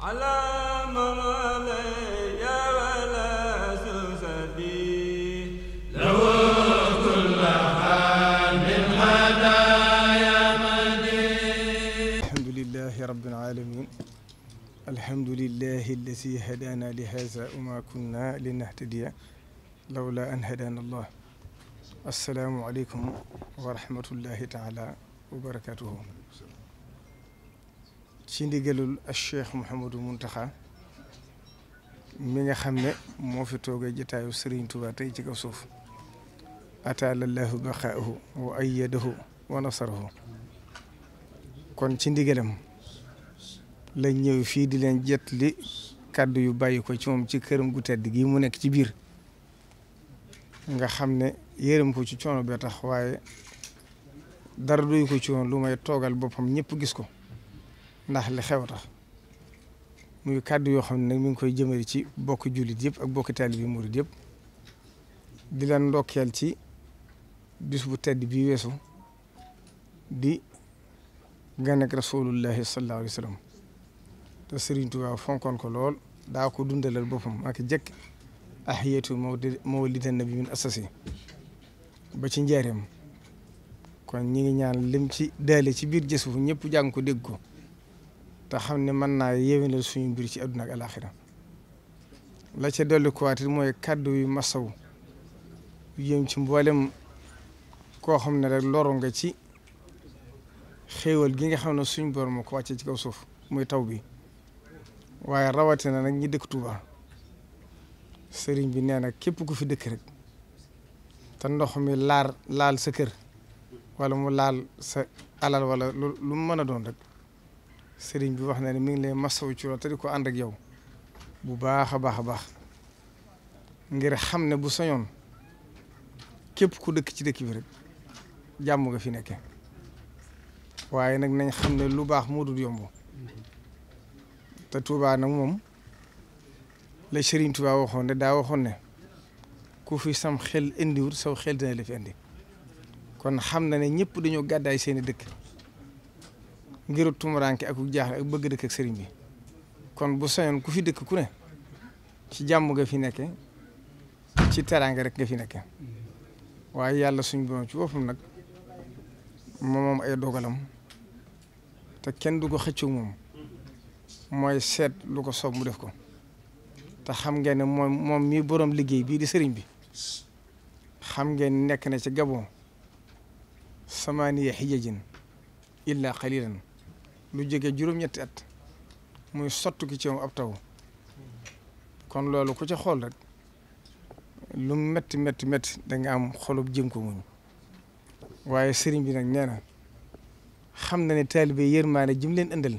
على ممالي ولا سوسدي له كل حال من هدايا مدين الحمد لله رب العالمين الحمد لله الذي هدانا لهذا وما كنا لنهتدي لولا أن هدانا الله السلام عليكم ورحمة الله تعالى وبركاته ci ndigalul ak cheikh Mouhamadou Mountakha mi nga xam ne moo fi toogee jotaayu Serigne Touba tey ci kaw suuf ataala llaahu baqaahu wa ayyadahu wa nasarahu kon ci ndigalam lañ ñëw fii di leen jet kàddu yu bàyyi ko ci moom ci këram gu tedd gi mu nekk ci biir nga xam ne yërëm ko ci coono bee tax waaye dara doy ko ci woon lu may toogal boppam ñépp gis ko ndax li xew tax muy kàddu yoo xam ne nag mi ngi koy jëmale ci bokk jullit yëpp ak bokk taalibe murid yëpp di leen ndokkeel ci bis bu tedd bii weesu di gan ak rasulullahi sallallahu alayhi te Serigne Touba fonkoon ko lool daa ko dundalal boppam ak jëkk ahiyatu mawlidan nabi min asasi ba ci njaareem kon ñi ngi ñaan lim ci daale ci biir jës fu ñëpp jàng ko dégg ko te xam ne mën naa yéwénal suñu mbir ci àdduna ak alaaxira la ca dolli kuwaat mooy kàddu yu masaw yëm ci mboolem koo xam ne rek loro nga ci xéewal gi nga xam ne suñu borom moo ko wàccee ci kaw suuf mooy taw bi waaye rawatina nag ñi dëkk Touba sëriñ bi nee nag képp ku fi dëkk rek te ndox mi laar laal sa kër wala mu laal sa alal wala lu mu mën a doon rek sëriñ bi wax na ne mi ngi lay masawu ci loolu di ko ànd ak yow bu baax a baax a baax ngir xam ne bu soñoon képp ku dëkk ci dëkk bi rek jàmm nga fi nekke waaye nag nañ xam ne lu baax moo dul yomb te Touba nag moom la sëriñ Touba waxoon ne daa waxoon ne ku fi sam xel indiwul saw xel dina la fi indi kon xam na ne ñëpp dañoo gàddaay seeni dëkk. ngiru tumuranke ak jaaxle ak bëgg dëkk ak sëriñ bi kon bu sañoon ku fi dëkk ku ne ci jàmm nga fi nekke ci teraanga rek nga fi nekke waaye yàlla suñ borom ci boppam nag moom ay dogalam te kenn du ko xëccoo moom mooy set lu ko soob mu def ko te xam ngeen ne moom moom borom liggéey bii di sëriñ bi xam ngeen nekk na ci Gabon samaaniya xijajin illa qalilan lu jege juróom-ñetti at muy sottu ki ci ab taw kon loolu ku ca xool rek lu metti metti metti da am xolub jëm ko muñ waaye sëriñ bi nag nee na xam na ne taalibe yërmaane jëm leen indal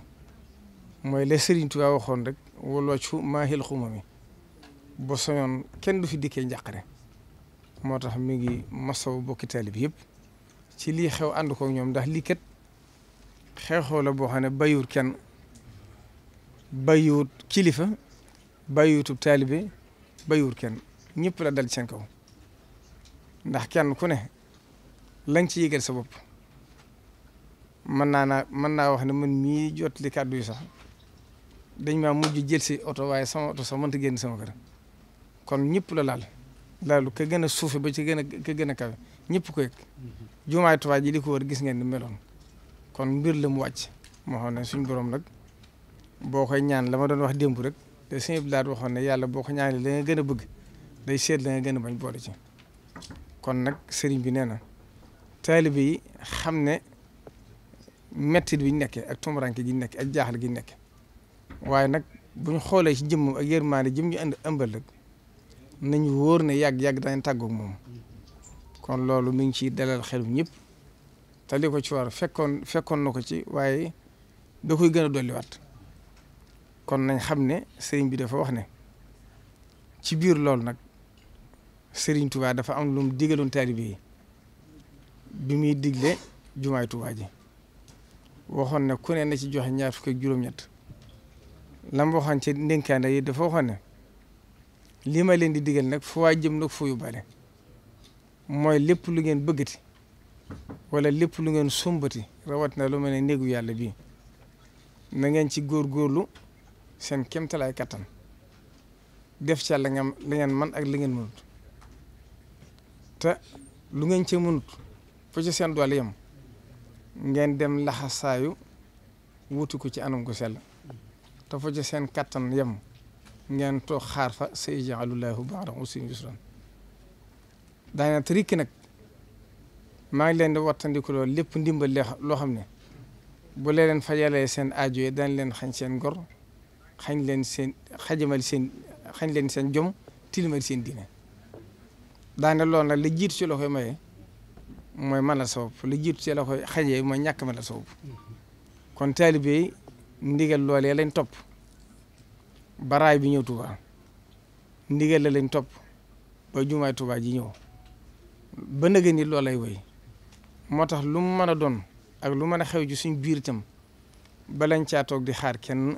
mooy la sëriñ Tuubaa waxoon rek walwaccu maahil xuma mi ba kenn du fi dikkee njàqare moo tax mu ngi masaw bokki taalibe yëpp ci li xew ànd ko ñoom ndax lii kat xeexoo la boo xam ne bayuut kenn bayuut kilifa bayuutub taalibe bayuut kenn ñëpp la dal ci kaw ndax kenn ku ne lañ ci yëgal sa bopp mën naa naa mën naa wax ne man mii jot li kàddu yi sax dañ maa mujj jël si oto waaye sama oto sax mënta génn sama kër kon ñëpp la laal laalu ka gën a suufe ba ci gën a ka gën a kawe ñëpp ko yëg mm-hmm. jumaay Tuubaa ji li ko wër gis ngeen ni meloon kon mbir la mu wàcc moo xam ne suñ borom nag boo koy ñaan la ma doon wax démb rek te suñu bilaat waxoon ne yàlla boo ko ñaan la nga gën a bëgg day seet la nga gën a bañ boole ci kon nag sëriñ bi nee na taalibe yi xam ne mettit bi nekke ak tumuraanke gi ñu ak jaaxal gi ñu waaye nag bu ñu xoolee ci jëmm ak yërmaane jëm ñu ànd ëmbal rek nañu wóor ne yàgg-yàgg daañu tàggoog moom kon loolu mi ngi ciy dalal xelum ñépp te li ko ci war fekkoon fekkoon na ko ci waaye da koy gën a dolli dolliwaat kon nañ xam ne sëriñ bi dafa wax ne ci biir lool nag sëriñ Touba dafa am lu mu digaloon taalibe bi muy digle jumaay ji waxoon ne ku ne na ci joxe ñaar fukk ak juróom-ñett lam waxoon ci ndénkaane yi dafa waxoon ne lii ma leen di digal nag fu waa jëm nag fu yóbbaale mooy lépp lu ngeen bëggati wala lépp lu ngeen sumbati rawat na lu mel ne néegu yàlla bi na ngeen ci góorlu seen kéemtalaay kattan def ci la ngeen la ngeen man ak li ngeen mënut te lu ngeen ci mënut fu ci seen doole yem ngeen dem laxasaayu wuti ko ci anam ko sell te fu ci seen kattan yem ngeen toog xaar fa sa ijaalullahu baada usrin yusran daana trikk nag maa ngi leen di loolu lépp ndimbal loo xam ne bu lee leen fajalee seen aajo yi dañ leen xañ seen gor xañ leen seen xajamal seen xañ leen seen jom tilimal seen diine daane loolu nag la jiitu ci la koy maye mooy mën la sabab la jiitu ci la koy xajee mooy ñàkk mën la sabab kon taalibe yi ndigal loolee lañ topp baraay bi ñëw Tuubaa ndigal la leen topp ba jumaay Tuubaa ji ñëw ba nëgë ni loolay woy moo tax lu mu mën a doon ak lu mën a xew ji suñ biir itam balañ caa toog di xaar kenn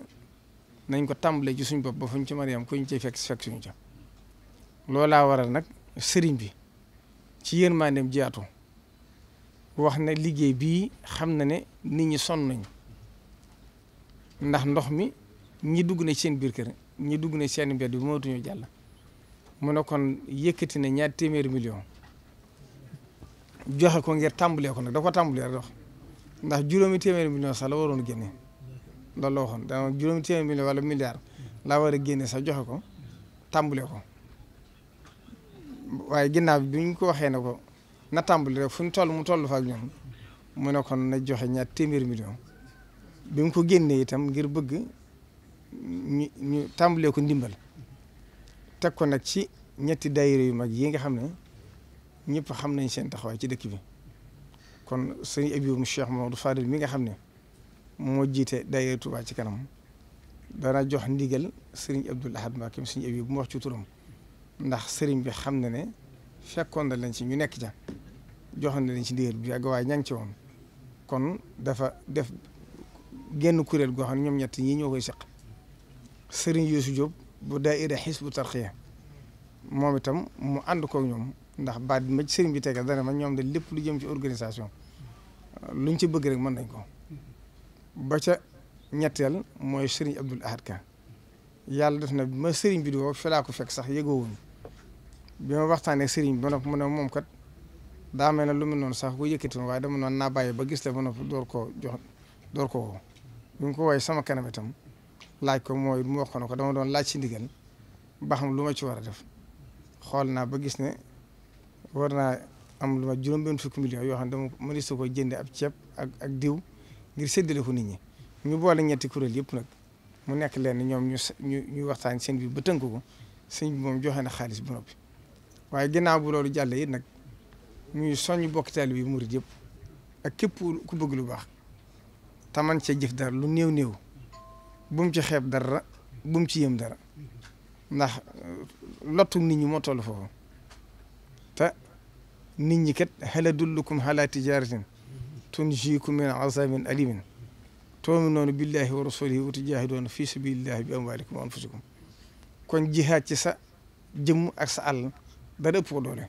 nañ ko tàmbalee ci suñ bopp ba fuñ ci man a yem ku ñu cay fekk fekk suñu ca laa waral nag sëriñ bi ci yërmandeem jaatu wax ne liggéey bii xam na ne nit ñi sonn nañ ndax ndox mi ñi dugg na seen biir kër ñi dugg na seen mbedd bi mënatuñu jàll mu ne kon yëkkati ne ñaar téeméeri million joxe ko ngir tàmbalee ko nag da ko tàmbalee rek wax ndax juróomi téeméeri million sax la waroon génne loolu la waxoon dama juróomi téeméeri million wala milliard laa war a génne sax joxe ko tàmbalee ko waaye ginnaaw bi ko waxee ne ko na tàmbali rek fu ñu toll mu toll fa ñoom mu ne kon na joxe ñaar téeméeri million bi ko génnee itam ngir bëgg ñu ñu tàmbalee ko ndimbal teg ko nag ci ñetti daayira yu mag yi nga xam ne ñëpp xam nañ seen taxawaay ci dëkk bi kon sëñ Abiou mu moo Mamadou Fadil mi nga xam ne moo jiite daayira Touba ci kanam dana jox ndigal sëriñ Abdoul Ahad Mbacké sëñ bu mu wax ci turam ndax sëriñ bi xam na ne fekkoon na lañ ci ñu nekk ca joxoon na lañ ci ndigal bi yàgg waaye ña ngi ci woon kon dafa def genn kuréel goo xam ne ñoom ñett ñii ñoo koy seq sëriñ Youssou Diop bu daayira Hizbut Tarqiyyah moom itam mu ànd koog ñoom. ndax baat ma ci sëriñ bi tegal dana ma ñoom da lépp lu jëm ci organisation luñ ci bëgg rek mën nañ ko ba ca ñetteel mooy sëriñ Abdul Ahad Ka yàlla def na ma sëriñ bi di woo fi ko fekk sax yëgoowuñ bi ma waxtaanee sëriñ bi ba noppi mu ne moom kat daa mel ne lu mu noonu sax ko yëkkati waaye dama noonu naa bàyyi ba gis la ba noppi door koo jox door koo woo ko woowee sama kanam laaj ko mooy mu ko dama doon laaj ci ndigal ba xam lu ma ci war a def xool naa ba gis ne. war naa am lu ma juróom-benn fukki millions yoo xam ne dama mënees na ko jëndee ab ceeb ak diw ngir séddale ko nit ñi ñu boole ñetti kuréel yëpp nag mu nekk leen ñoom ñu ñu ñu waxtaan seen bi ba tënk ko sëñ bi moom joxe na xaalis bu noppi. waaye ginnaaw bu loolu jàlle it nag ñuy soñ bokk taalibe yi murid yëpp ak képp ku bëgg lu baax te man cee jëf dara lu néew-néew bu mu ci xeeb dara bu ci yëm dara ndax lottu nit ñi moo toll foofu. te nit ñi kat hal adullukum ala tijaratin tunjikum min azabin alimin tu'minuuna billahi wa rasulihi wa tujahiduuna fi sabilillahi bi amwalikum wa anfusikum kon jihaad ci sa jëmm ak sa àll dara ëpp doole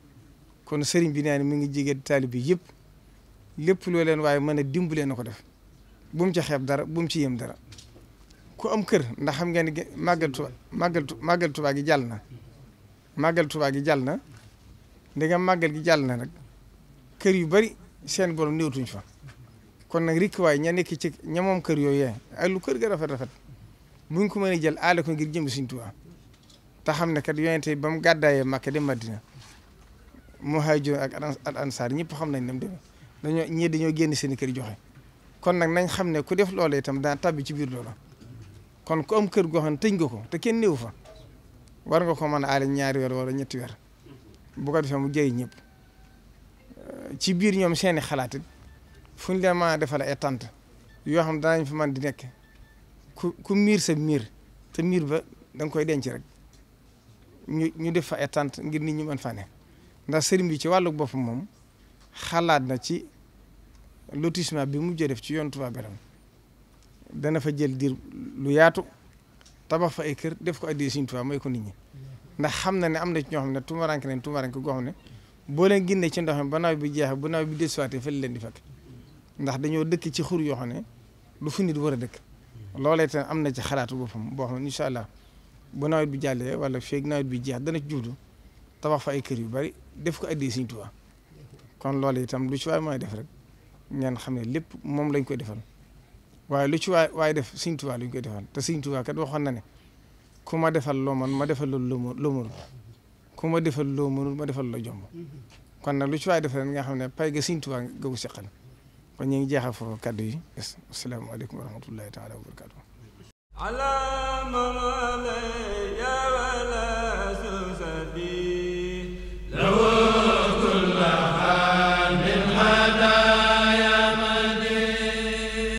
kon sëriñ bi naa ne mi ngi jege taalibe bi yëpp lépp loo leen waaye mën a dimbalee na ko def bu ci xeeb dara bu mu ci yem dara ko am kër ndax xam ngeen ne màggal tuba màggal tuba gi jàll na màggal tuba jàll na ndega màggal gi jàll na nag kër yu bari seen borom néewtuñ fa kon nag rikk waay ña nekk ci ña moom kër yooyu ay ak lu kër ga rafet rafet muñ ko a jël aale ko ngir jëm suñ tuwa te xam ne kat yonente ba mu gàddaayee Makka dem Madina muhaajir ak al ansar ñëpp xam nañ ne mu demee dañoo ñii dañoo génn seen kër joxe kon nag nañ xam ne ku def loola itam daa tabbi ci biir loola kon ku am kër goo xam ne nga ko te kenn néew fa war nga ko mën a aale ñaari weer wala ñetti weer bu ko mu jëriñ ñëpp euh, ci biir ñoom seeni xalaat it fu leen mën defal ay tànt yoo xam danañ fa man di nekk ku ku miir sa miir te miir ba da koy denc rek ñu ñu def fa ay ngir ni ñu mën faa ne ndax sëriñ bi ci wàllu bopp moom xalaat na ci lotissement bi mu def ci yoon Touba dana fa jël diir lu yaatu tabax fa ay kër def ko addi Sëriñ Tuubaa ko nit ñi ndax xam na ne am na ci ñoo ne tumaranke leen tumaranke goo xam ne boo leen génnee ci ndox mi ba nawet bi jeexee bu nawet bi desuwaatee fa leen di fekk ndax dañoo dëkk ci xur yoo xam ne du fu nit war a dëkk loolee itam am na ci xalaatu boppam boo xam ne incha allah bu nawet bi jàllee wala feeg nawet bi jeex dana ci juudu tabax fa ay kër yu bari def ko addee Sëriñ Tuubaa kon loolu itam lu ci waay mooy def rek ñan xam ne lépp moom lañ koy defal waaye lu ci waay waaye def Sëriñ Tuubaa lañ koy defal te Sëriñ Tuubaa kat waxoon na ne. كما دفل لومن ما دفل لومن لومن كما دفل لومن ما دفل لجوم كنا لشوا دفل نعم نحن باي جسين توا جوسي خل كن يجي حفر كدي السلام عليكم ورحمة الله تعالى وبركاته على ممالك